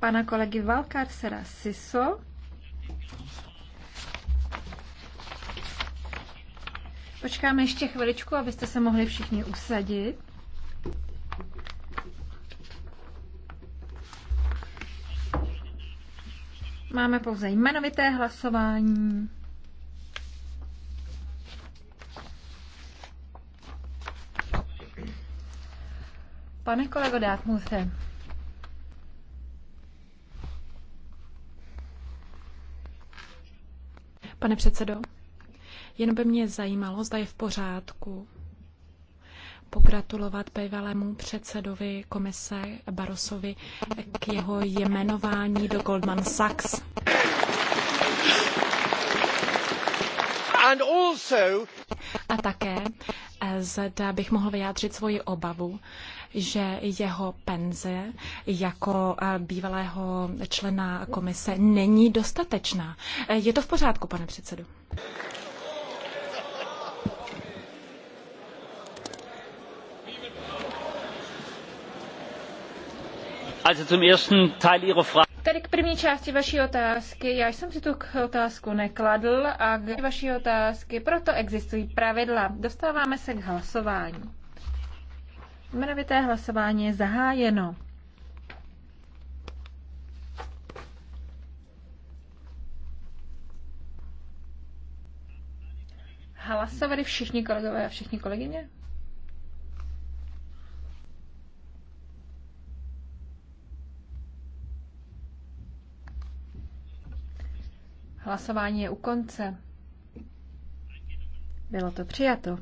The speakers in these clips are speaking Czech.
pana kolegy Valkarsera Siso. Počkáme ještě chviličku, abyste se mohli všichni usadit. Máme pouze jmenovité hlasování. Pane kolego Dátmuse, Pane předsedo, jen by mě zajímalo, zda je v pořádku pogratulovat bývalému předsedovi komise Barosovi k jeho jmenování do Goldman Sachs. And also... A také eh, zda bych mohl vyjádřit svoji obavu, že jeho penze jako eh, bývalého člena komise není dostatečná. Eh, je to v pořádku, pane předsedu? Tady k první části vaší otázky. Já jsem si tu otázku nekladl a k vaší otázky, proto existují pravidla. Dostáváme se k hlasování. Jmenovité hlasování je zahájeno. Hlasovali všichni kolegové a všichni kolegyně? Hlasování je u konce. Bylo to přijato.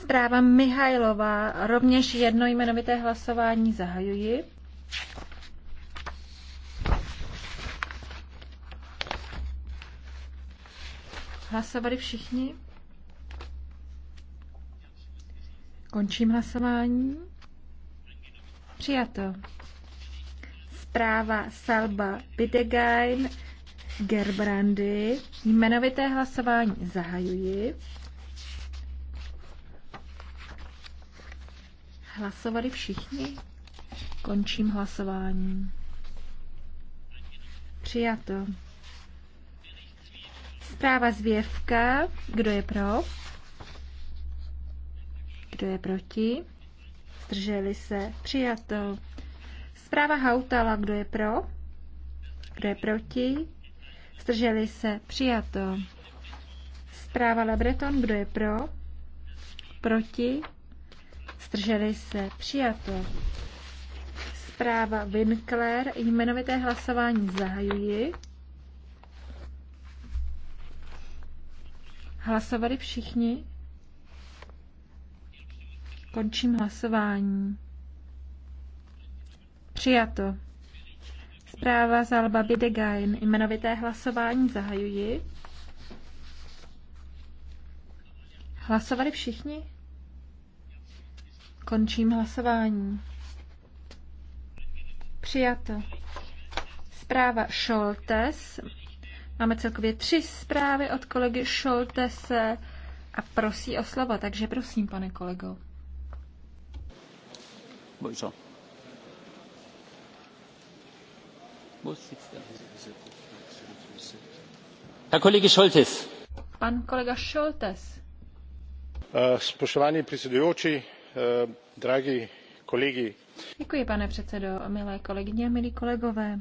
Zpráva Mihajlová, rovněž jedno jmenovité hlasování zahajuji. Hlasovali všichni? Končím hlasování. Přijato. Zpráva Salba Bidegain Gerbrandy. Jmenovité hlasování zahajuji. Hlasovali všichni? Končím hlasování. Přijato. Zpráva zvěvka. Kdo je pro? Kdo je proti? Zdrželi se. Přijato. Zpráva Hautala. Kdo je pro? Kdo je proti? Zdrželi se. Přijato. Zpráva Lebreton. Kdo je pro? Proti? zdrželi se, přijato. Zpráva Winkler, jmenovité hlasování zahajuji. Hlasovali všichni? Končím hlasování. Přijato. Zpráva Zalba Bidegain. Jmenovité hlasování zahajuji. Hlasovali všichni? Končím hlasování. Přijato. Zpráva Šoltes. Máme celkově tři zprávy od kolegy Šoltese a prosí o slovo, takže prosím, pane kolego. Bojco. Herr Kollege Scholtes. Pan kolega Scholtes. Eh, spoštovani predsedujoči, Eh, dragi kolegi. Děkuji, pane předsedo, milé kolegyně, milí kolegové.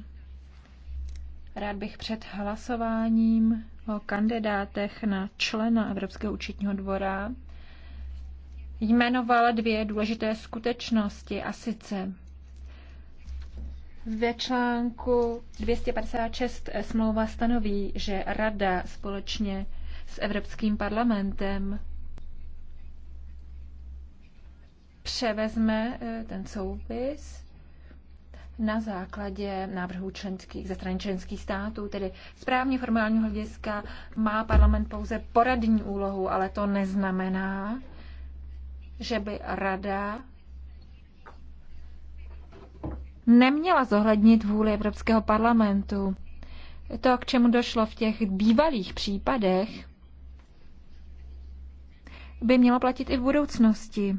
Rád bych před hlasováním o kandidátech na člena Evropského účetního dvora jmenoval dvě důležité skutečnosti a sice ve článku 256 smlouva stanoví, že Rada společně s Evropským parlamentem převezme eh, ten soupis na základě návrhů členských, ze strany členských států, tedy správně formálního hlediska má parlament pouze poradní úlohu, ale to neznamená, že by rada neměla zohlednit vůli Evropského parlamentu. To, k čemu došlo v těch bývalých případech, by mělo platit i v budoucnosti.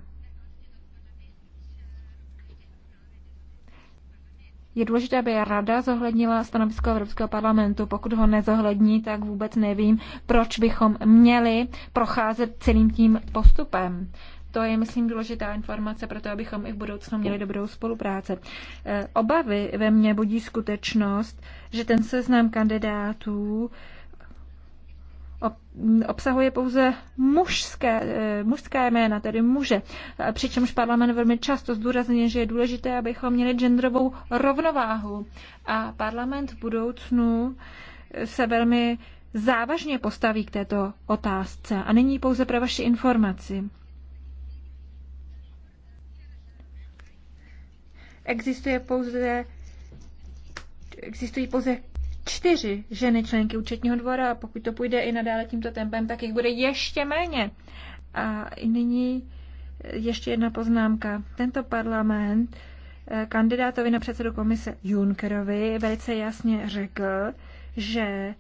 je důležité, aby Rada zohlednila stanovisko Evropského parlamentu. Pokud ho nezohlední, tak vůbec nevím, proč bychom měli procházet celým tím postupem. To je, myslím, důležitá informace pro to, abychom i v budoucnu měli dobrou spolupráci. Eh, obavy ve mně budí skutečnost, že ten seznam kandidátů obsahuje pouze mužské, eh, mužské jména, tedy muže. Přičemž parlament velmi často zdůrazně, že je důležité, abychom měli genderovou rovnováhu. A parlament v budoucnu eh, se velmi závažně postaví k této otázce. A není pouze pro vaši informaci. Existuje pouze existují pouze čtyři ženy členky účetního dvora a pokud to půjde i nadále tímto tempem, tak jich bude ještě méně. A nyní ještě jedna poznámka. Tento parlament eh, kandidátovi na předsedu komise Junckerovi velice jasně řekl, že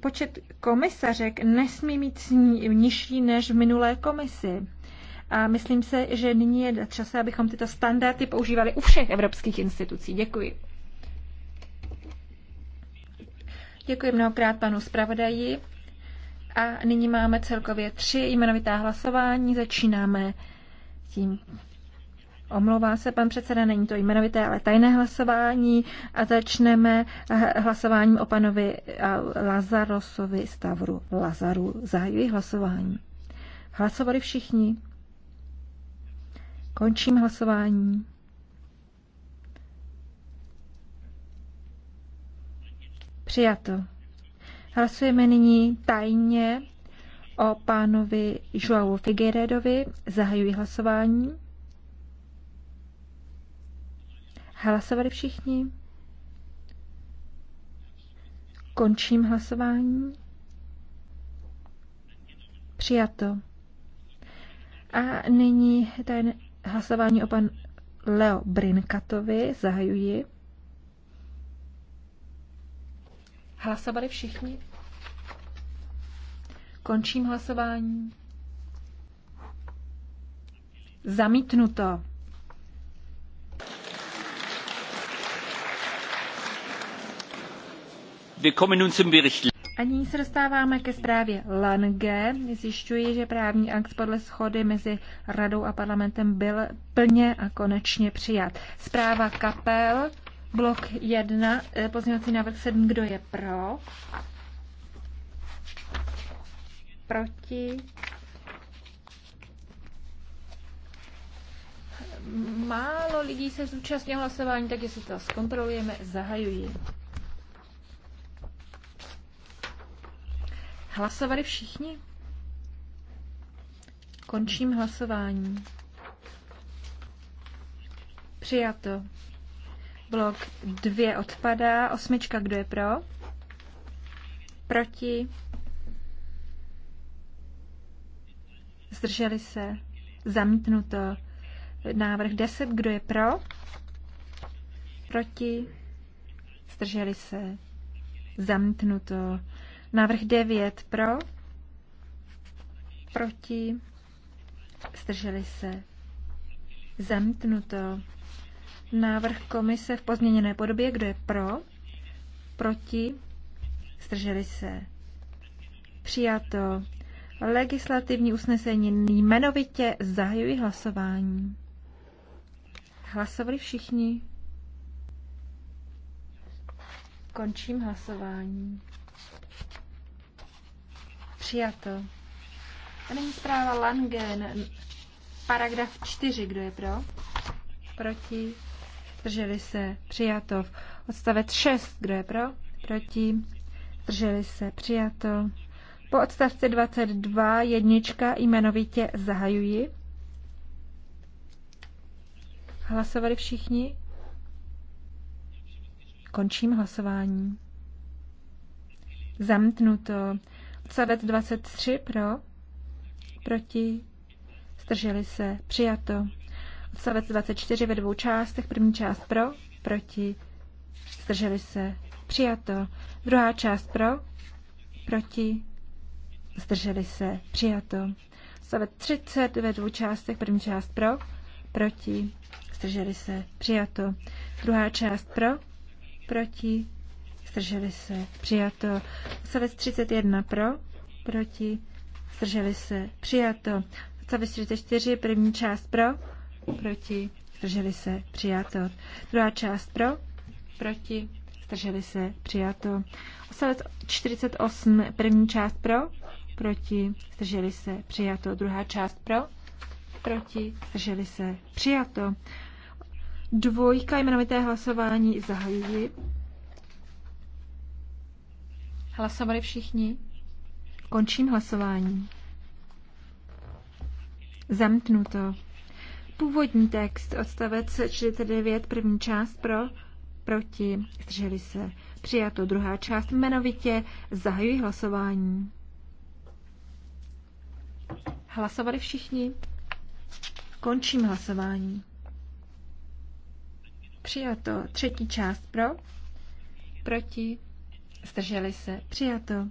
počet komisařek nesmí mít nižší než v minulé komisi. A myslím se, že nyní je čas, abychom tyto standardy používali u všech evropských institucí. Děkuji. Děkuji mnohokrát panu zpravodaji. A nyní máme celkově tři jmenovitá hlasování. Začínáme tím. Omlouvá se pan předseda, není to jmenovité, ale tajné hlasování a začneme hlasováním o panovi Lazarosovi Stavru Lazaru. Zahajuji hlasování. Hlasovali všichni. Končím hlasování. Přijato. Hlasujeme nyní tajně o pánovi Joao Figueredovi. Zahajuji hlasování. Hlasovali všichni? Končím hlasování. Přijato. A nyní tajné hlasování o pan Leo Brinkatovi. Zahajuji. Hlasovali všichni? Končím hlasování. Zamítnuto. A nyní se dostáváme ke zprávě Lange. Zjišťuji, že právní akt podle schody mezi radou a parlamentem byl plně a konečně přijat. Zpráva Kapel. Blok 1, eh, pozměňovací návrh 7, kdo je pro? Proti? Málo lidí se zúčastnilo hlasování, tak jestli to zkontrolujeme, zahajuji. Hlasovali všichni? Končím hlasování. Přijato. Blok 2 odpadá. Osmička, kdo je pro? Proti? Zdrželi se? Zamítnuto. Návrh 10, kdo je pro? Proti? Zdrželi se? Zamítnuto. Návrh 9 pro? Proti? Zdrželi se? Zamítnuto. Návrh komise v pozměněné podobě, kdo je pro, proti, zdrželi se. Přijato. Legislativní usnesení jmenovitě zahajují hlasování. Hlasovali všichni? Končím hlasování. Přijato. A nyní zpráva Langen. Paragraf 4. Kdo je pro? Proti? zdrželi se, přijato. Odstavec 6, kdo je pro, proti, zdrželi se, přijato. Po odstavci 22 jednička jmenovitě zahajuji. Hlasovali všichni? Končím hlasování. Zamtnuto. Odstavec 23 pro, proti, zdrželi se, přijato. Odstavec 24 ve dvou částech. První část pro, proti, zdrželi se, přijato. Druhá část pro, proti, zdrželi se, přijato. Odstavec 30 ve dvou částech. První část pro, proti, zdrželi se, přijato. Druhá část pro, proti, zdrželi se, přijato. Odstavec 31 pro, proti, zdrželi se, přijato. Odstavec 34, první část pro, proti, zdrželi se, přijato. Druhá část pro, proti, zdrželi se, přijato. Odstavec 48, první část pro, proti, zdrželi se, přijato. Druhá část pro, proti, zdrželi se, přijato. Dvojka jmenovité hlasování zahajuji. Hlasovali všichni? Končím hlasování. Zamknuto. Původní text, odstavec 49, první část pro, proti, zdrželi se. Přijato druhá část, jmenovitě zahajují hlasování. Hlasovali všichni? Končím hlasování. Přijato třetí část pro, proti, zdrželi se. Přijato.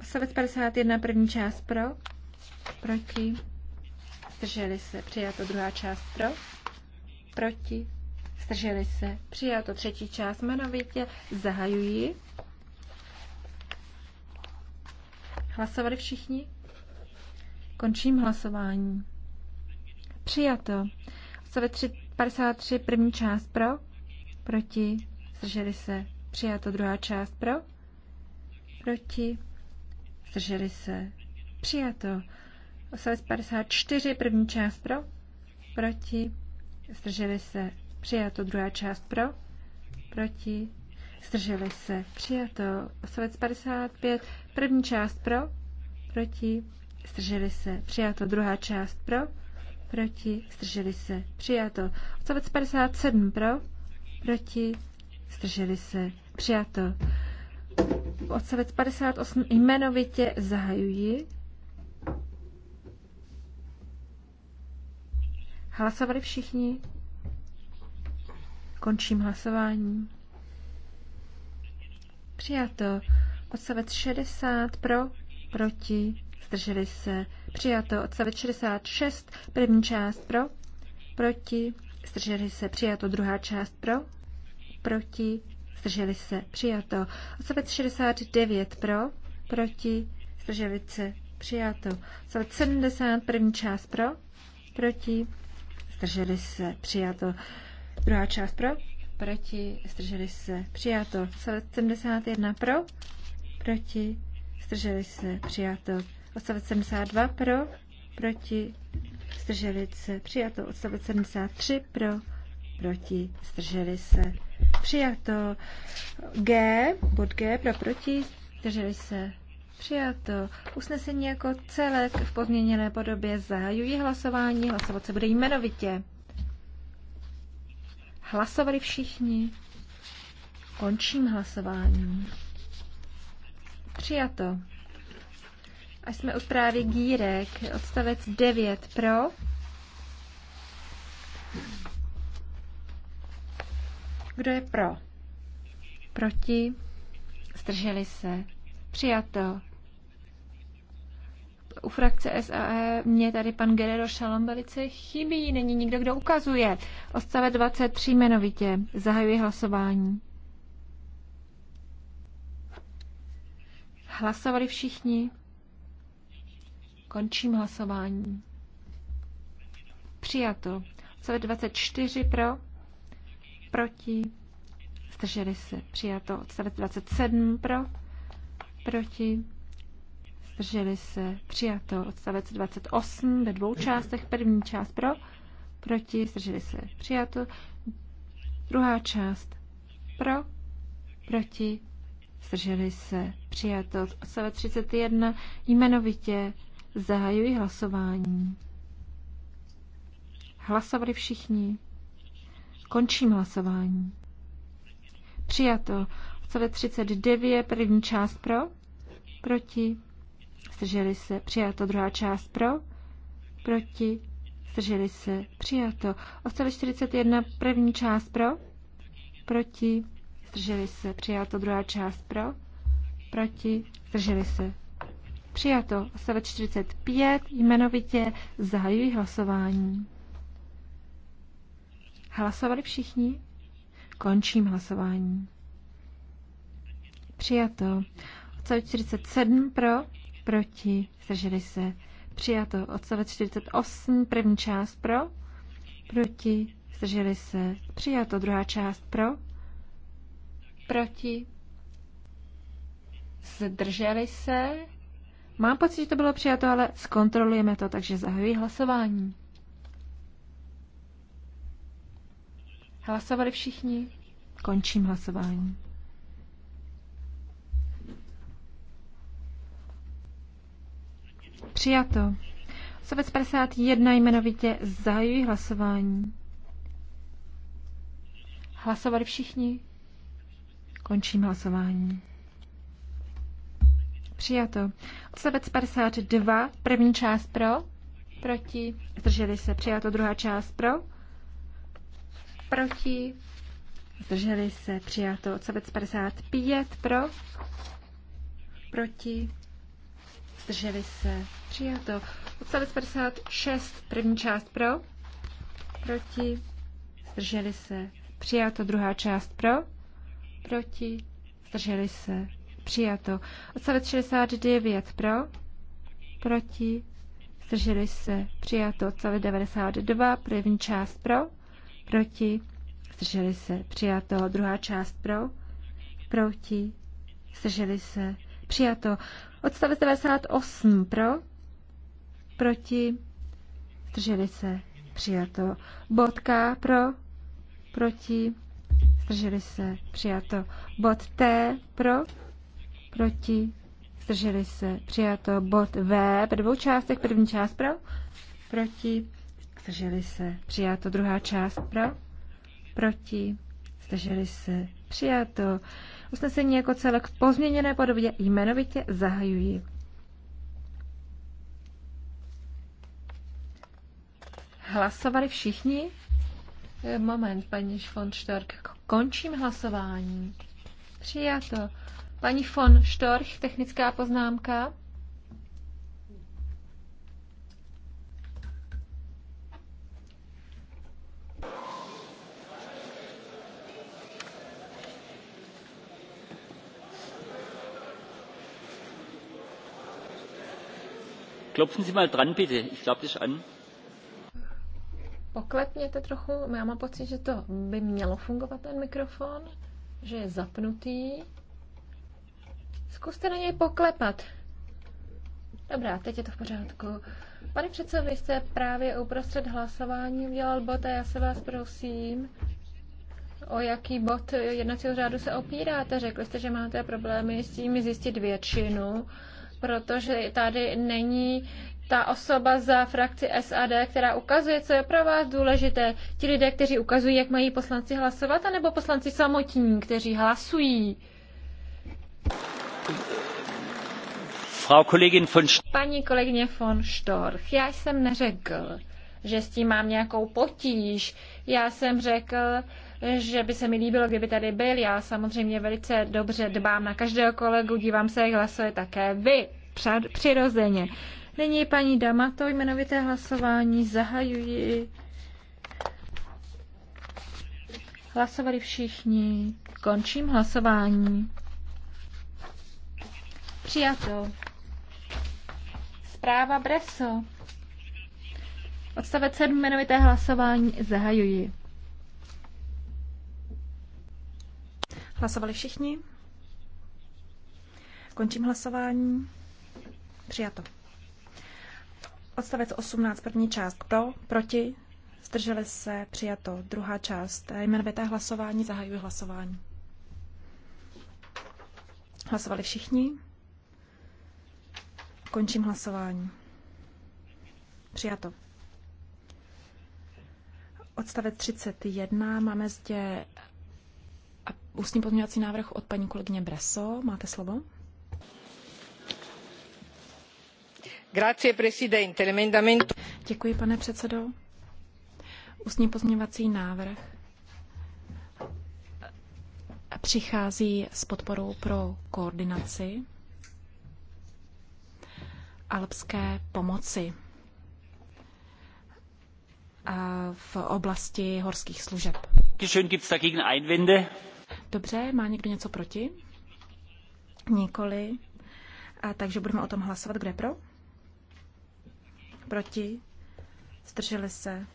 Odstavec 51, první část pro, proti, zdrželi se, přijato druhá část pro, proti, zdrželi se, přijato třetí část jmenovitě, zahajuji. Hlasovali všichni? Končím hlasování. Přijato. Odstavec 53, první část pro, proti, zdrželi se, přijato druhá část pro, proti, zdrželi se, přijato Odstavec 54, první část pro, proti, zdrželi se, přijato, druhá část pro, proti, zdrželi se, přijato. Odstavec 55, první část pro, proti, zdrželi se, přijato, druhá část pro, proti, zdrželi se, přijato. Odstavec 57 pro, proti, zdrželi se, přijato. Odstavec 58 jmenovitě zahajuji Hlasovali všichni? Končím hlasování. Přijato. Odstavec 60 pro, proti, zdrželi se. Přijato. Odstavec 66, první část pro, proti, zdrželi se. Přijato. Druhá část pro, proti, zdrželi se. Přijato. Odstavec 69 pro, proti, zdrželi se. Přijato. Odstavec 70, první část pro, proti, zdrželi se, přijato. Druhá část pro, proti, zdrželi se, přijato. 71 pro, proti, zdrželi se, přijato. Odstavec 72 pro, proti, zdrželi se, přijato. Odstavec 73 pro, proti, zdrželi se, přijato. G, bod G pro proti, zdrželi se, Přijato. Usnesení jako celek v pozměněné podobě zahajují hlasování. Hlasovat se bude jmenovitě. Hlasovali všichni. Končím hlasování. Přijato. Až jsme u právě Gírek, odstavec 9 pro. Kdo je pro? Proti? Strželi se. Přijato u frakce SAE mě tady pan Gerero Šalom velice chybí. Není nikdo, kdo ukazuje. Odstave 23 jmenovitě. Zahajuji hlasování. Hlasovali všichni. Končím hlasování. Přijato. Odstave 24 pro. Proti. Zdrželi se. Přijato. Odstavec 27 pro. Proti zdrželi se, přijato. Odstavec 28 ve dvou částech. První část pro, proti, zdrželi se, přijato. Druhá část pro, proti, zdrželi se, přijato. Odstavec 31 jmenovitě zahajuji hlasování. Hlasovali všichni. Končím hlasování. Přijato. Odstavec 39, první část pro, proti, zdrželi se, přijato. Druhá část pro, proti, zdrželi se, přijato. Odstavec 41, první část pro, proti, zdrželi se, přijato. Druhá část pro, proti, zdrželi se. Přijato. Odstavec 45, jmenovitě zahajují hlasování. Hlasovali všichni? Končím hlasování. Přijato. Odstavec 47 pro, proti, zdrželi se, přijato. Odstavec 48, první část pro, proti, zdrželi se, přijato. Druhá část pro, proti, zdrželi se. Mám pocit, že to bylo přijato, ale zkontrolujeme to, takže zahajuji hlasování. Hlasovali všichni? Končím hlasování. Přijato. Sovec 51 jmenovitě zahajují hlasování. Hlasovali všichni? Končím hlasování. Přijato. Odstavec 52, první část pro, proti, zdrželi se. Přijato druhá část pro, proti, zdrželi se. Přijato. Odstavec 55 pro, proti, zdrželi se, přijato. Odstavec 56, první část pro, proti, zdrželi se, přijato. Druhá část pro, proti, zdrželi se, přijato. Odstavec 69 pro, proti, zdrželi se, přijato. Odstavec 92, první část pro, proti, zdrželi se, přijato. Druhá část pro, proti, zdrželi se, přijato. Odstavec 98 pro, proti, zdrželi se, přijato. K pro, proti, zdrželi se, přijato. Bod T pro, proti, zdrželi se, přijato. Bod V ve dvou částech, první část pro, proti, zdrželi se, přijato. Druhá část pro, proti, zdrželi se, přijato. Usnesení jako celek v pozměněné podobě jmenovitě zahajují. Hlasovali všichni? Eh, moment, paní von Storch, Končím hlasování. Přijato. Paní von Storch, technická poznámka. Poklepněte trochu, já mám pocit, že to by mělo fungovat ten mikrofon, že je zapnutý. Zkuste na něj poklepat. Dobrá, teď je to v pořádku. Pane předsedo, vy jste právě uprostřed hlasování udělal bod a já se vás prosím, o jaký bod jednacího řádu se opíráte. Řekli jste, že máte problémy s tím zjistit většinu protože tady není ta osoba za frakci SAD, která ukazuje, co je pro vás důležité. Ti lidé, kteří ukazují, jak mají poslanci hlasovat, anebo poslanci samotní, kteří hlasují. Paní kolegyně von Storch, já jsem neřekl, že s tím mám nějakou potíž. Já jsem řekl, že by se mi líbilo, kdyby tady byl. Já samozřejmě velice dobře dbám na každého kolegu, dívám se, jak hlasuje také vy, přirozeně. Nyní paní to jmenovité hlasování zahajuji. Hlasovali všichni. Končím hlasování. Přijato. Zpráva Breso. Odstavec 7 jmenovité hlasování zahajuji. Hlasovali všichni? Končím hlasování. Přijato. Odstavec 18, první část pro, proti, zdrželi se, přijato. Druhá část jmenovité hlasování, zahajuji hlasování. Hlasovali všichni? Končím hlasování. Přijato. Odstavec 31. Máme zde ústní pozměňovací návrh od paní kolegyně Breso. Máte slovo? Děkuji, pane předsedo. Ústní pozměňovací návrh přichází s podporou pro koordinaci alpské pomoci v oblasti horských služeb. Gibt's dagegen Einwände? Dobře, má někdo něco proti? Nikoli. A takže budeme o tom hlasovat. Kdo je pro? Proti? Zdrželi se?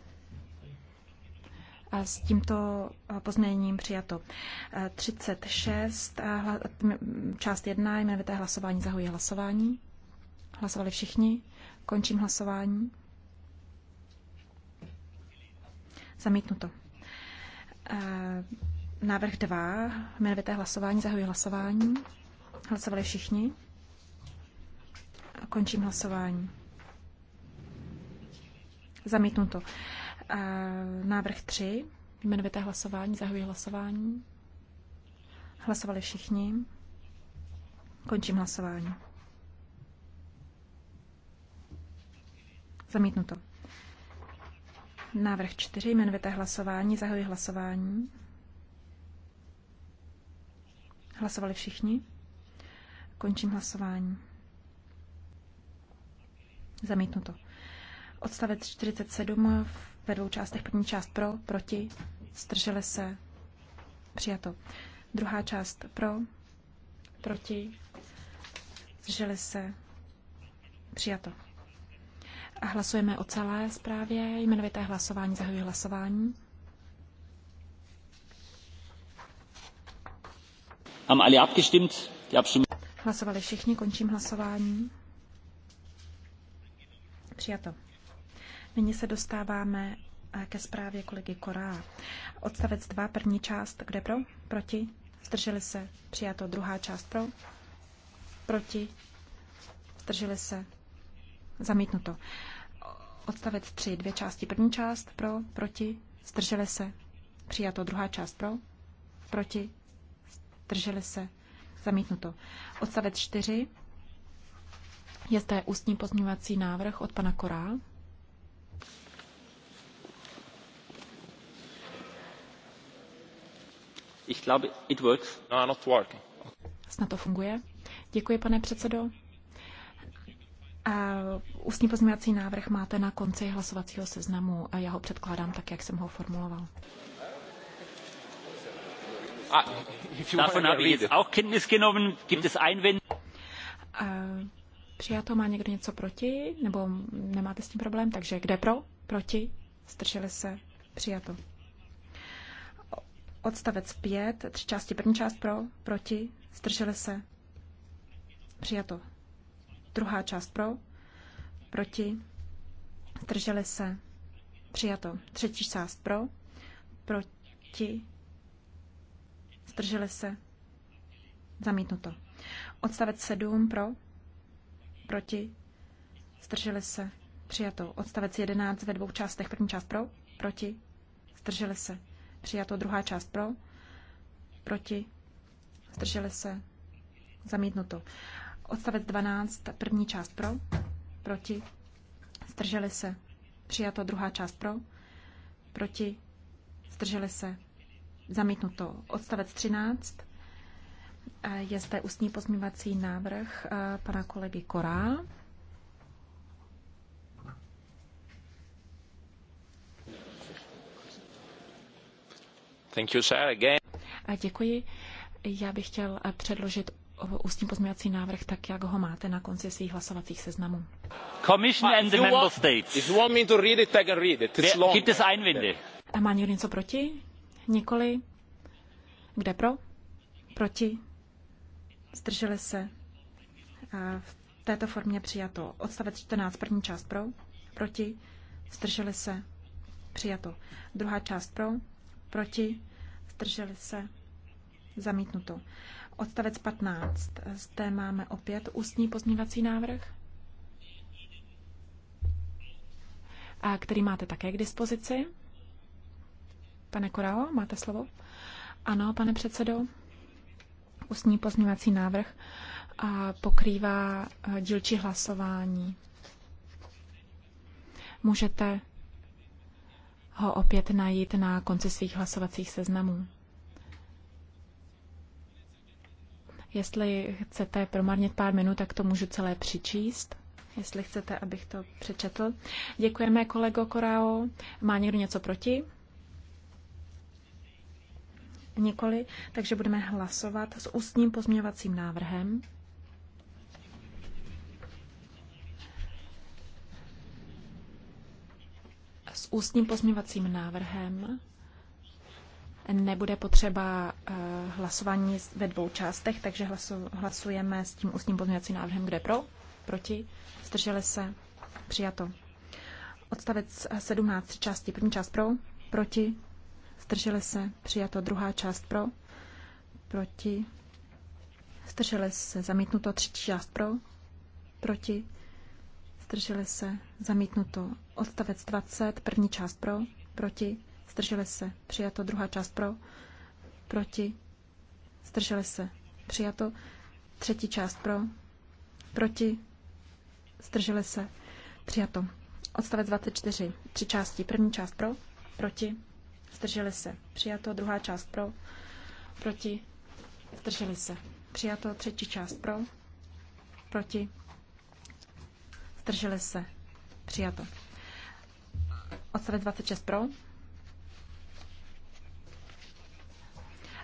A s tímto pozměněním přijato. 36, část 1, jmenovité hlasování, zahojí hlasování. Hlasovali všichni. Končím hlasování. Zamítnuto. Návrh 2, jmenovité hlasování, zahajuji hlasování. Hlasovali všichni. A končím hlasování. Zamítnuto. Návrh 3, jmenovité hlasování, zahajuji hlasování. Hlasovali všichni. Končím hlasování. Zamítnuto. Návrh 4, jmenovité hlasování, zahajuji hlasování. Hlasovali všichni? Končím hlasování. Zamítnuto. Odstavec 47 ve dvou částech. První část pro, proti, strželi se, přijato. Druhá část pro, proti, strželi se, přijato. A hlasujeme o celé zprávě, jmenovité hlasování, zahajuji hlasování. Hlasovali všichni, končím hlasování. Přijato. Nyní se dostáváme eh, ke zprávě kolegy Korá. Odstavec 2, první část, kde pro? Proti? Zdrželi se? Přijato. Druhá část pro? Proti? Zdrželi se? Zamítnuto. Odstavec 3, dvě části. První část pro? Proti? Zdrželi se? Přijato. Druhá část pro? Proti? Drželi se? Zamítnuto. Odstavec 4. Je zde ústní pozměňovací návrh od pana Korá. Ich glaube, it works. No, not working. Snad to funguje. Děkuji, pane předsedo. A ústní pozměňovací návrh máte na konci hlasovacího seznamu a já ho předkládám tak, jak jsem ho formuloval. Ah, Davon habe ich jetzt auch Kenntnis genommen. Gibt hm? es Einwände? Eh, přijato má někdo něco proti, nebo nemáte s tím problém, takže kde pro, proti, zdrželi se, přijato. Odstavec 5, tři části, první část pro, proti, zdrželi se, přijato. Druhá část pro, proti, zdrželi se, přijato. Třetí část pro, proti, zdrželi se, zamítnuto. Odstavec 7 pro, proti, zdrželi se, přijato. Odstavec 11 ve dvou částech, první část pro, proti, zdrželi se, přijato. Druhá část pro, proti, zdrželi se, zamítnuto. Odstavec 12, první část pro, proti, zdrželi se, přijato. Druhá část pro, proti, zdrželi se, zamítnuto. Odstavec 13. Je zde ústní pozměňovací návrh eh, pana kolegy Korá. Thank you, sir, again. A děkuji. Já bych chtěl eh, předložit ústní pozměňovací návrh, tak jak ho máte na konci svých hlasovacích seznamů. Commission and the member states. If you want me to read it, I can read it. It's long. Gibt es Einwände? A má někdo něco proti? Nikoli. Kde pro? Proti? Zdrželi se? V této formě přijato. Odstavec 14, první část pro? Proti? Zdrželi se? Přijato. Druhá část pro? Proti? Zdrželi se? Zamítnuto. Odstavec 15. Zde máme opět ústní pozměňovací návrh, a který máte také k dispozici. Pane Koralo, máte slovo? Ano, pane předsedo. Ústní pozměňovací návrh a pokrývá dílčí hlasování. Můžete ho opět najít na konci svých hlasovacích seznamů. Jestli chcete promarnit pár minut, tak to můžu celé přičíst. Jestli chcete, abych to přečetl. Děkujeme, kolego Korao. Má někdo něco proti? Nikoli, takže budeme hlasovat s ústním pozměňovacím návrhem. S ústním pozměňovacím návrhem nebude potřeba eh, hlasování ve dvou částech, takže hlasujeme s tím ústním pozměňovacím návrhem, kde pro, proti, zdrželi se, přijato. Odstavec 17 eh, části, první část pro, proti, Zdrželi se. Přijato druhá část pro. Proti. Zdrželi se. Zamítnuto třetí část pro. Proti. Zdrželi se. Zamítnuto. Odstavec 20. První část pro. Proti. Zdrželi se. Přijato druhá část pro. Proti. Zdrželi se. Přijato. Třetí část pro. Proti. Zdrželi se. Přijato. Odstavec 24. Tři části. První část pro. Proti zdrželi se, přijato, druhá část pro, proti, zdrželi se, přijato, třetí část pro, proti, zdrželi se, přijato. Odstavec 26 pro.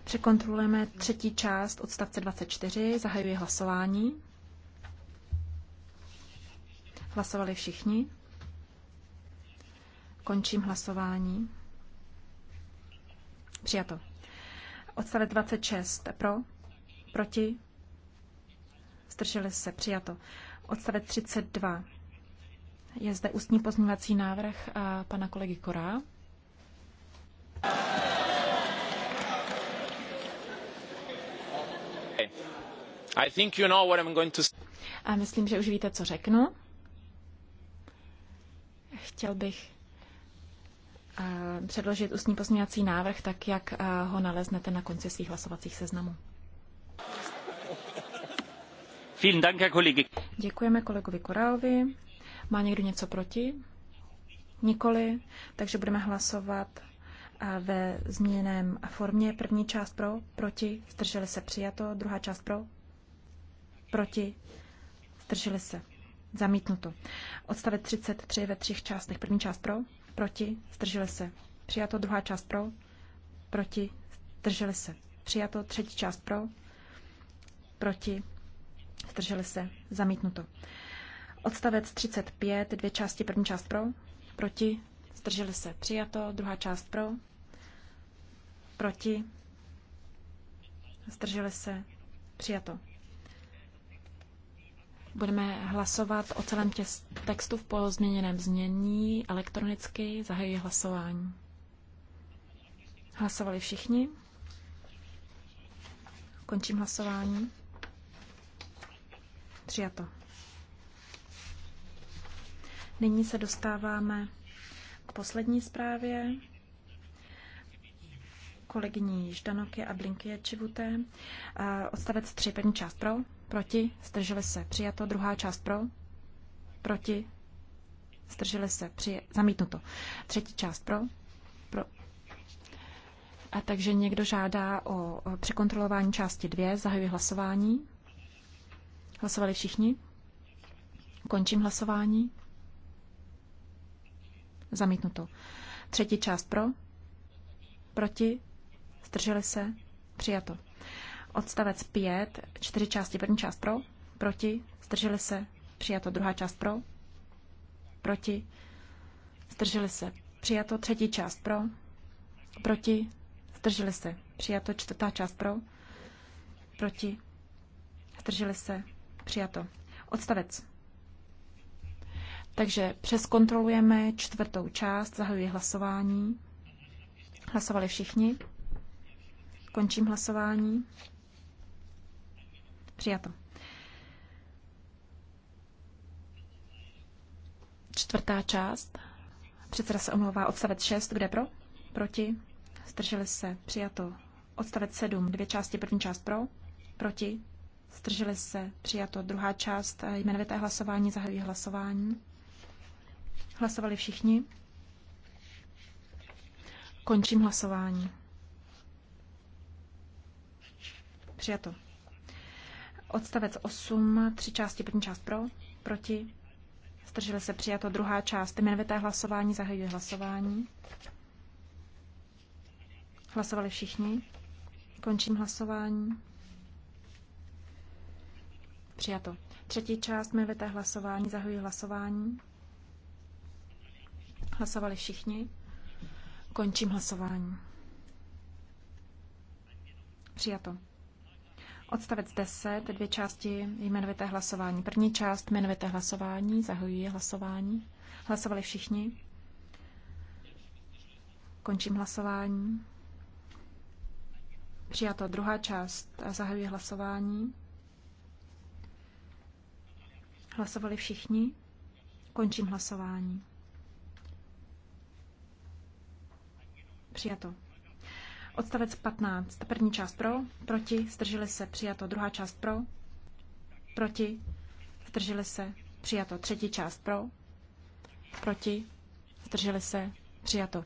Překontrolujeme třetí část odstavce 24, zahajuje hlasování. Hlasovali všichni. Končím hlasování. Přijato. Odstavec 26 pro, proti, zdrželi se, přijato. Odstavec 32. Je zde ústní pozměňovací návrh a eh, pana kolegy Korá. I think you know what I'm going to... A myslím, že už víte, co řeknu. Chtěl bych Eh, předložit ústní pozměňovací návrh, tak jak eh, ho naleznete na konci svých hlasovacích seznamů. Děkujeme kolegovi Korálovi. Má někdo něco proti? Nikoli, takže budeme hlasovat eh, ve změněném formě. První část pro, proti, zdrželi se přijato, druhá část pro, proti, zdrželi se. Zamítnuto. Odstavec 33 ve třech částech. První část pro, proti, zdrželi se. Přijato druhá část pro, proti, zdrželi se. Přijato třetí část pro, proti, zdrželi se. Zamítnuto. Odstavec 35, dvě části, první část pro, proti, zdrželi se. Přijato druhá část pro, proti, zdrželi se. Přijato. Budeme hlasovat o celém textu v pozměněném změní elektronicky. Zahajuji hlasování. Hlasovali všichni. Končím hlasování. Přijato. Nyní se dostáváme k poslední zprávě kolegyní Ždanoky a Blinky Čivuté. Eh, odstavec 3, první část pro, proti, zdrželi se, přijato, druhá část pro, proti, zdrželi se, při, zamítnuto. Třetí část pro, pro. A takže někdo žádá o překontrolování části 2, zahajuji hlasování. Hlasovali všichni? Končím hlasování. Zamítnuto. Třetí část pro, proti, Zdrželi se? Přijato. Odstavec 5, čtyři části. První část pro, proti, zdrželi se, přijato. Druhá část pro, proti, zdrželi se, přijato. Třetí část pro, proti, zdrželi se, přijato. Čtvrtá část pro, proti, zdrželi se, přijato. Odstavec. Takže přeskontrolujeme čtvrtou část, zahajuji hlasování. Hlasovali všichni. Končím hlasování. Přijato. Čtvrtá část. Předseda se omlouvá odstavec 6. Kde pro? Proti. Zdrželi se. Přijato. Odstavec 7. Dvě části. První část pro. Proti. Zdrželi se. Přijato. Druhá část. Eh, jmenovité hlasování. Zahajují hlasování. Hlasovali všichni. Končím hlasování. Přijato. Odstavec 8, tři části, první část pro, proti, zdrželi se přijato, druhá část, jmenovité hlasování, zahajuje hlasování. Hlasovali všichni. Končím hlasování. Přijato. Třetí část, jmenovité hlasování, zahajuje hlasování. Hlasovali všichni. Končím hlasování. Přijato. Odstavec 10, dvě části jmenovité hlasování. První část jmenovité hlasování, zahajuji hlasování. Hlasovali všichni. Končím hlasování. Přijato druhá část, zahajuji hlasování. Hlasovali všichni. Končím hlasování. Přijato. Odstavec 15. První část pro, proti, zdrželi se, přijato. Druhá část pro, proti, zdrželi se, přijato. Třetí část pro, proti, zdrželi se, přijato.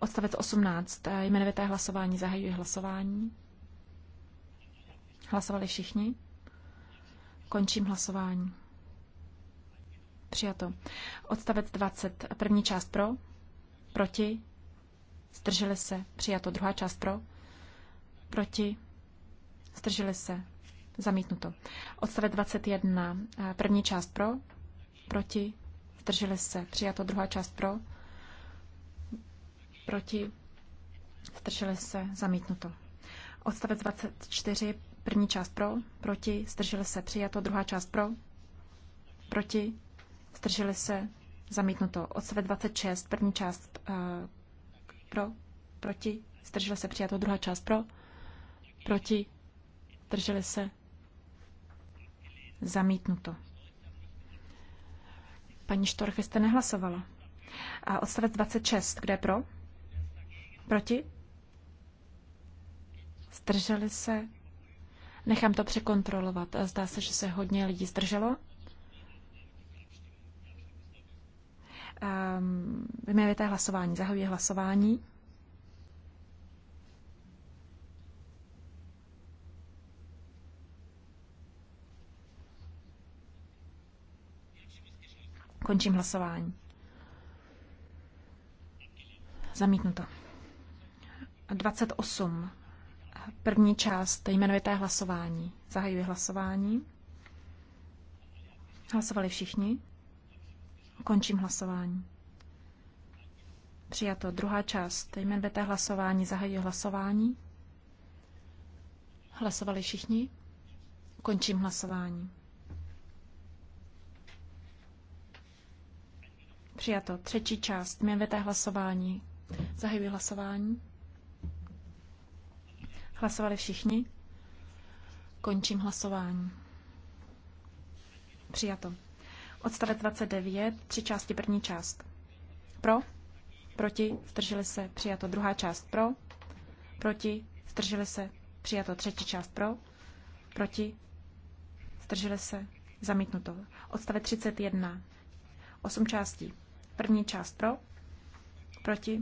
Odstavec 18. Jmenovité hlasování. Zahajuji hlasování. Hlasovali všichni. Končím hlasování. Přijato. Odstavec 20. První část pro, proti, Zdrželi se. Přijato. Druhá část pro. Proti. Zdrželi se. Zamítnuto. Odstavec 21. Eh, první část pro. Proti. Zdrželi se. Přijato. Druhá část pro. Proti. Zdrželi se. Zamítnuto. Odstavec 24. První část pro. Proti. Zdrželi se. Přijato. Druhá část pro. Proti. Zdrželi se. Zamítnuto. Odstavec 26. První část eh, pro, proti, zdržel se přijat, Druhá část pro, proti, zdrželi se zamítnuto. Paní Štorch, jste nehlasovala. A odstavec 26, kde je pro? Proti? Zdrželi se? Nechám to překontrolovat. Zdá se, že se hodně lidí zdrželo. um, ehm, jmenovité hlasování. Zahajuji hlasování. Končím hlasování. Zamítnuto. 28. První část jmenovité hlasování. Zahajuji hlasování. Hlasovali všichni. Končím hlasování. Přijato druhá část. té hlasování, zahajuji hlasování. Hlasovali všichni? Končím hlasování. Přijato třetí část. té hlasování, zahajuji hlasování. Hlasovali všichni? Končím hlasování. Přijato. Odstavec 29, tři části, první část. Pro, proti, zdrželi se, přijato druhá část pro, proti, zdrželi se, přijato třetí část pro, proti, zdrželi se, zamítnuto. Odstavec 31, osm částí. První část pro, proti,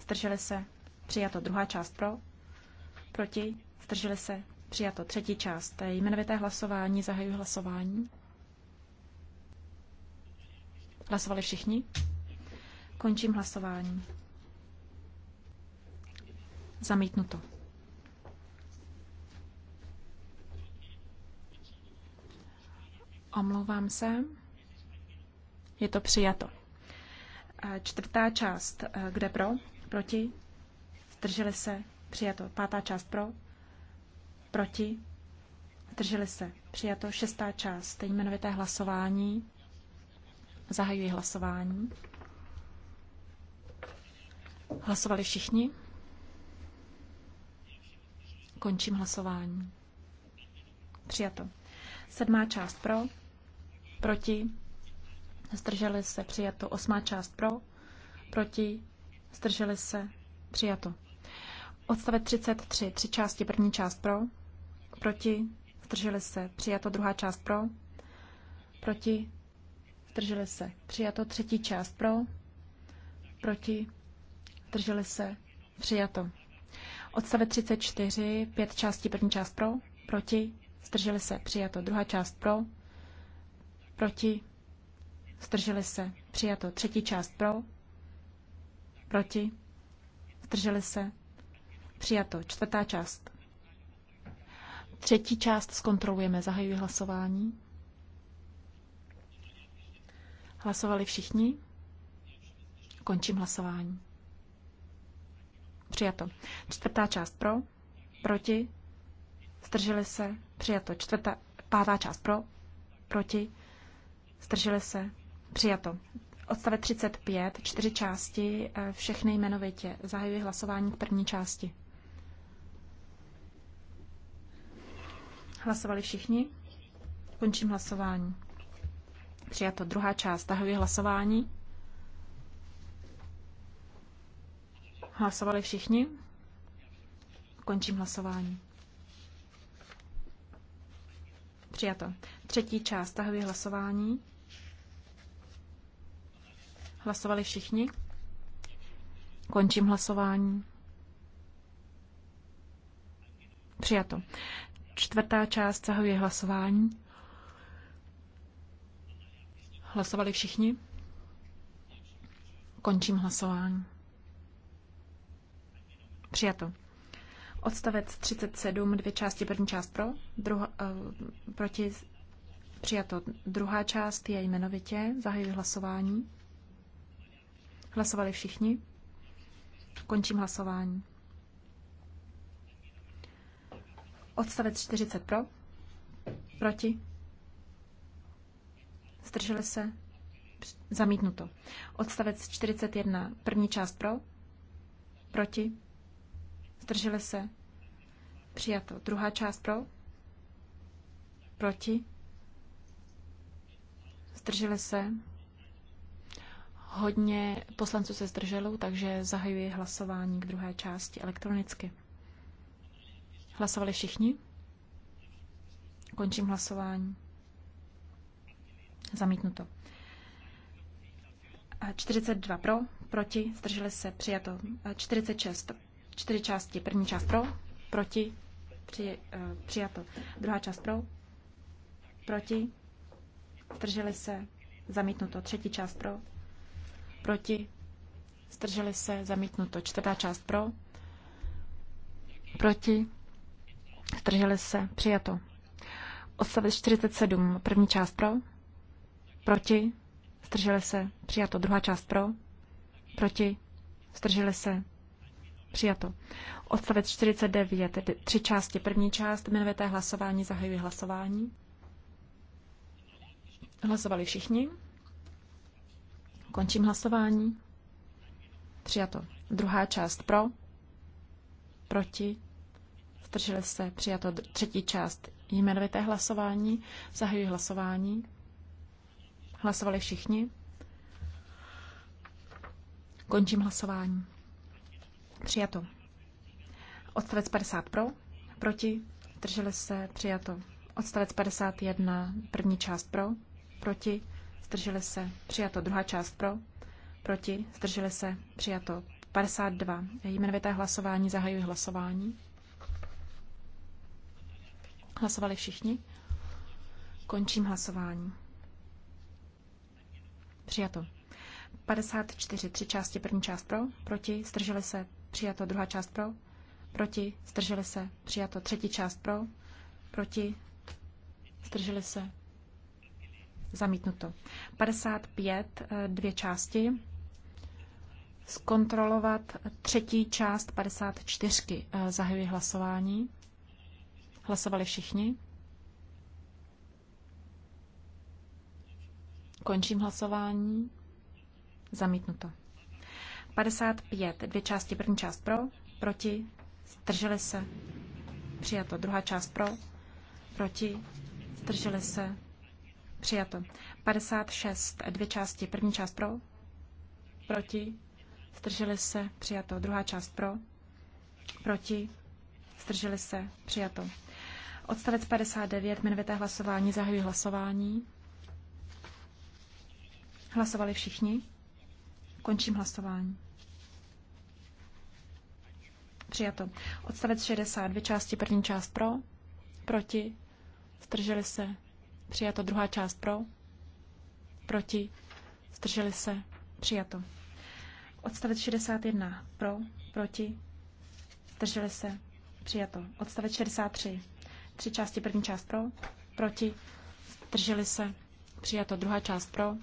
zdrželi se, přijato druhá část pro, proti, zdrželi se, přijato třetí část. Jmenovité hlasování, zahajuji hlasování. Hlasovali všichni? Končím hlasování. Zamítnuto. Omlouvám se. Je to přijato. Čtvrtá část, e, kde pro? Proti? Zdrželi se? Přijato. Pátá část pro? Proti? Zdrželi se? Přijato. Šestá část, jmenovité hlasování. Zahajuji hlasování. Hlasovali všichni? Končím hlasování. Přijato. Sedmá část pro, proti, zdrželi se, přijato. Osmá část pro, proti, zdrželi se, přijato. Odstavec 33, tři části, první část pro, proti, zdrželi se, přijato, druhá část pro, proti, zdrželi se. Přijato třetí část pro, proti, zdrželi se. Přijato. Odstavec 34, pět částí, první část pro, proti, zdrželi se. Přijato. Druhá část pro, proti, zdrželi se. Přijato. Třetí část pro, proti, zdrželi se. Přijato. Čtvrtá část. Třetí část zkontrolujeme. Zahajuji hlasování. Hlasovali všichni? Končím hlasování. Přijato. Čtvrtá část pro, proti, strželi se, přijato. Čtvrtá, pátá část pro, proti, strželi se, přijato. Odstavec 35, čtyři části, eh, všechny jmenovitě. Zahajuji hlasování k první části. Hlasovali všichni? Končím hlasování. Přijato druhá část. tahově hlasování. Hlasovali všichni? Končím hlasování. Přijato. Třetí část. tahově hlasování. Hlasovali všichni? Končím hlasování. Přijato. Čtvrtá část tahově hlasování. Hlasovali všichni? Končím hlasování. Přijato. Odstavec 37, dvě části, první část pro, druh, uh, eh, proti, přijato. Druhá část je jmenovitě, zahajuji hlasování. Hlasovali všichni? Končím hlasování. Odstavec 40 pro, proti, Zdrželi se? Zamítnuto. Odstavec 41. První část pro? Proti? Zdrželi se? Přijato. Druhá část pro? Proti? Zdrželi se? Hodně poslanců se zdrželo, takže zahajuji hlasování k druhé části elektronicky. Hlasovali všichni? Končím hlasování. Zamítnuto. 42 pro, proti, zdrželi se, přijato. 46, čtyři části. První část pro, proti, při, eh, přijato. Druhá část pro, proti, zdrželi se, zamítnuto. Třetí část pro, proti, zdrželi se, zamítnuto. Čtvrtá část pro, proti, zdrželi se, přijato. Odstavec 47, první část pro, Proti? Zdrželi se. Přijato. Druhá část pro. Proti? Zdrželi se. Přijato. Odstavec 49, tedy tři části. První část, jmenovité hlasování, zahajuji hlasování. Hlasovali všichni. Končím hlasování. Přijato. Druhá část pro. Proti. Zdrželi se. Přijato. Třetí část jmenovité hlasování. Zahajuji hlasování. Hlasovali všichni? Končím hlasování. Přijato. Odstavec 50 pro, proti, zdrželi se, přijato. Odstavec 51, první část pro, proti, zdrželi se, přijato. Druhá část pro, proti, zdrželi se, přijato. 52. Jmenovité hlasování, zahajuji hlasování. Hlasovali všichni? Končím hlasování. Přijato. 54, tři části, první část pro, proti, zdrželi se, přijato, druhá část pro, proti, zdrželi se, přijato, třetí část pro, proti, zdrželi se, zamítnuto. 55, eh, dvě části, zkontrolovat třetí část 54. Eh, zahajuji hlasování. Hlasovali všichni. Končím hlasování. Zamítnuto. 55. Dvě části. První část pro, proti, zdrželi se. Přijato. Druhá část pro, proti, zdrželi se. Přijato. 56. Dvě části. První část pro, proti, zdrželi se. Přijato. Druhá část pro, proti, zdrželi se. Přijato. Odstavec 59. Minovité hlasování. Zahajuji hlasování. Hlasovali všichni? Končím hlasování. Přijato. Odstavec 60. Dvě části. První část pro. Proti. Zdrželi se. Přijato. Druhá část pro. Proti. Zdrželi se. Přijato. Odstavec 61. Pro. Proti. Zdrželi se. Přijato. Odstavec 63. Tři části. První část pro. Proti. Zdrželi se. Přijato. Druhá část pro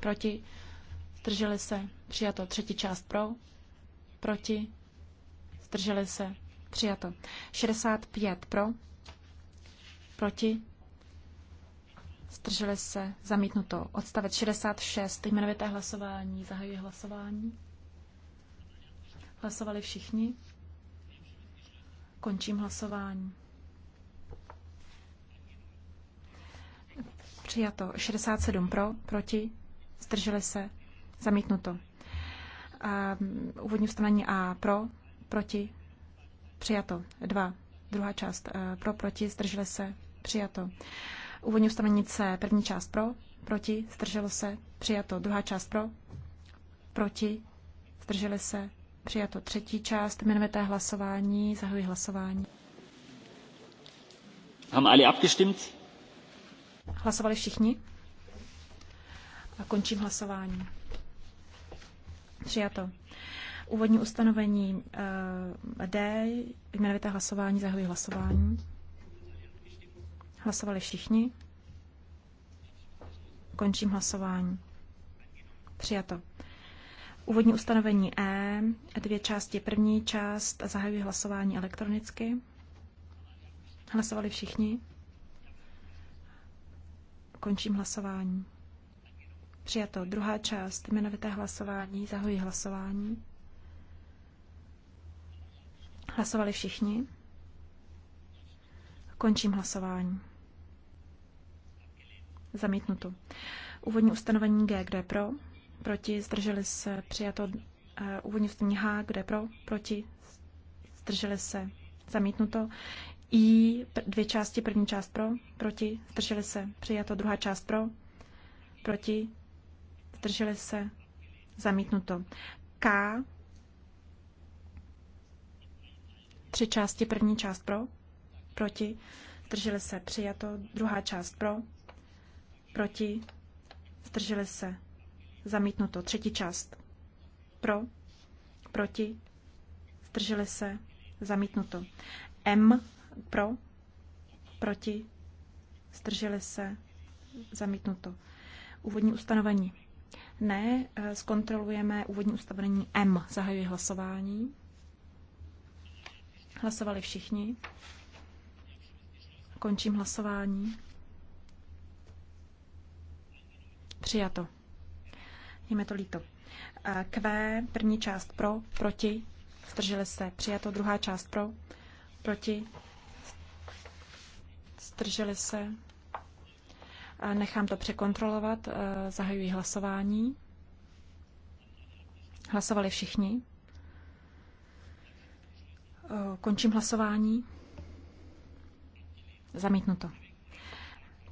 proti, zdrželi se, přijato. Třetí část pro, proti, zdrželi se, přijato. 65 pro, proti, zdrželi se, zamítnuto. Odstavec 66, jmenovité hlasování, Zahajuje hlasování. Hlasovali všichni. Končím hlasování. Přijato 67 pro, proti, zdrželi se, zamítnuto. Úvodní ustanovení A pro, proti, přijato. Dva. Druhá část e, pro, proti, zdrželi se, přijato. Úvodní ustanovení C, první část pro, proti, zdrželo se, přijato. Druhá část pro, proti, zdrželi se, přijato. Třetí část, Jmenujete hlasování, zahajuji hlasování. Haben alle abgestimmt? Hlasovali všichni? A končím hlasování. Přijato. Úvodní ustanovení eh, D, jmenovité hlasování, zahajuji hlasování. Hlasovali všichni. Končím hlasování. Přijato. Úvodní ustanovení E, dvě části. První část zahajuji hlasování elektronicky. Hlasovali všichni. Končím hlasování. Přijato. Druhá část. Jmenovité hlasování. Zahoji hlasování. Hlasovali všichni. Končím hlasování. Zamítnuto. Úvodní ustanovení G, kdo je pro? Proti, zdrželi se, přijato. Uh, úvodní ustanovení H, kdo je pro? Proti, zdrželi se, zamítnuto. I, dvě části, první část pro, proti, zdrželi se, přijato, druhá část pro, proti, zdrželi se, zamítnuto. K, tři části, první část pro, proti, zdrželi se, přijato, druhá část pro, proti, zdrželi se, zamítnuto, třetí část pro, proti, zdrželi se, zamítnuto. M pro, proti, zdrželi se, zamítnuto. Úvodní ustanovení. Ne, eh, zkontrolujeme úvodní ustavení M. Zahajuji hlasování. Hlasovali všichni. Končím hlasování. Přijato. Je mi to líto. Eh, Q, první část pro, proti, zdrželi se. Přijato, druhá část pro, proti, zdrželi se. Nechám to překontrolovat. Eh, zahajuji hlasování. Hlasovali všichni. Eh, končím hlasování. Zamítnuto.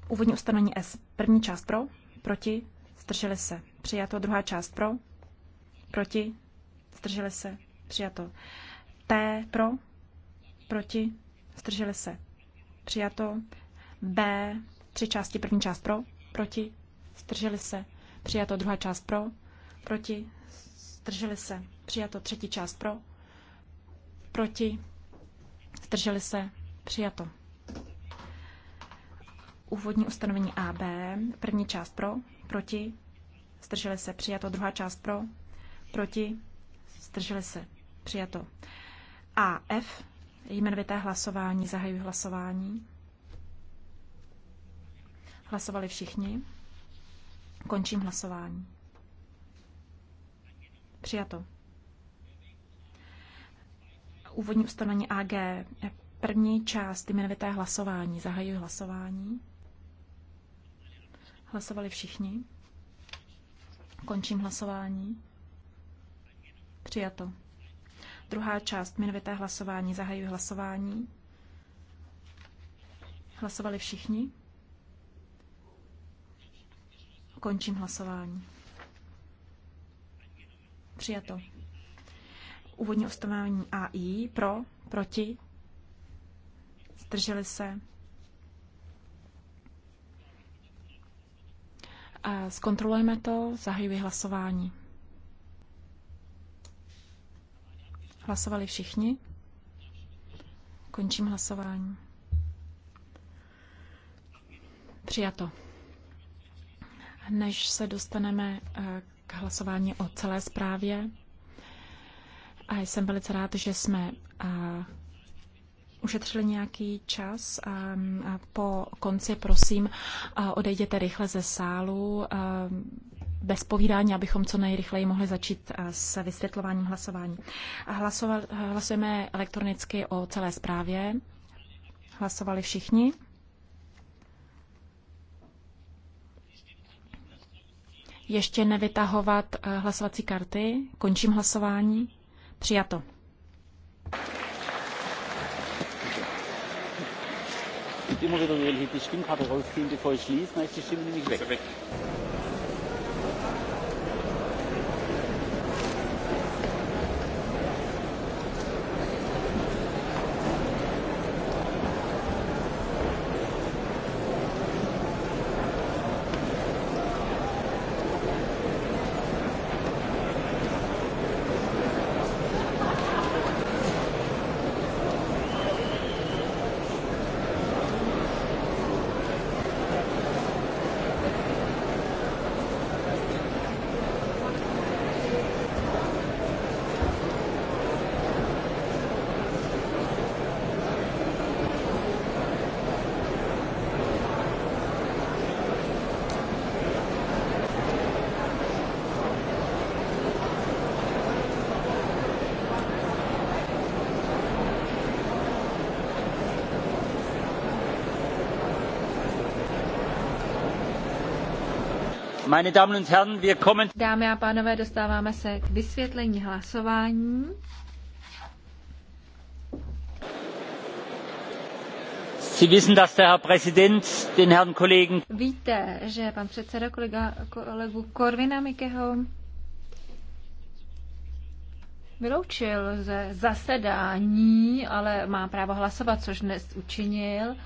Úvodní ustanovení S. První část pro, proti, zdrželi se. Přijato. Druhá část pro, proti, zdrželi se. Přijato. T pro, proti, zdrželi se. Přijato. B Tři části. První část pro, proti, strželi se. Přijato druhá část pro, proti, strželi se. Přijato třetí část pro, proti, strželi se. Přijato. Úvodní ustanovení AB. První část pro, proti, strželi se. Přijato druhá část pro, proti, strželi se. Přijato. AF, jmenovité hlasování, zahajuji hlasování. Hlasovali všichni. Končím hlasování. Přijato. Úvodní ustanovení AG. První část jmenovité hlasování. Zahajuji hlasování. Hlasovali všichni. Končím hlasování. Přijato. Druhá část jmenovité hlasování. Zahajuji hlasování. Hlasovali všichni. Končím hlasování. Přijato. Úvodní ustanovení AI pro, proti, zdrželi se. A zkontrolujeme to, zahajuji hlasování. Hlasovali všichni? Končím hlasování. Přijato než se dostaneme eh, k hlasování o celé zprávě. A jsem velice rád, že jsme eh, ušetřili nějaký čas. Po konci, prosím, odejděte rychle ze sálu bez povídání, abychom co nejrychleji mohli začít s vysvětlováním hlasování. Hlasoval, hlasujeme elektronicky o celé zprávě. Hlasovali všichni. ještě nevytahovat eh, hlasovací karty. Končím hlasování. Přijato. Immer wieder ich die Stimmkarte rausziehen, bevor ich schließe, dann ist die Stimme nämlich weg. Dámy a pánové, dostáváme se k vysvětlení hlasování. Víte, že pan předseda kolega, kolegu Korvina mikkeho vyloučil ze zasedání, ale má právo hlasovat, což dnes učinil.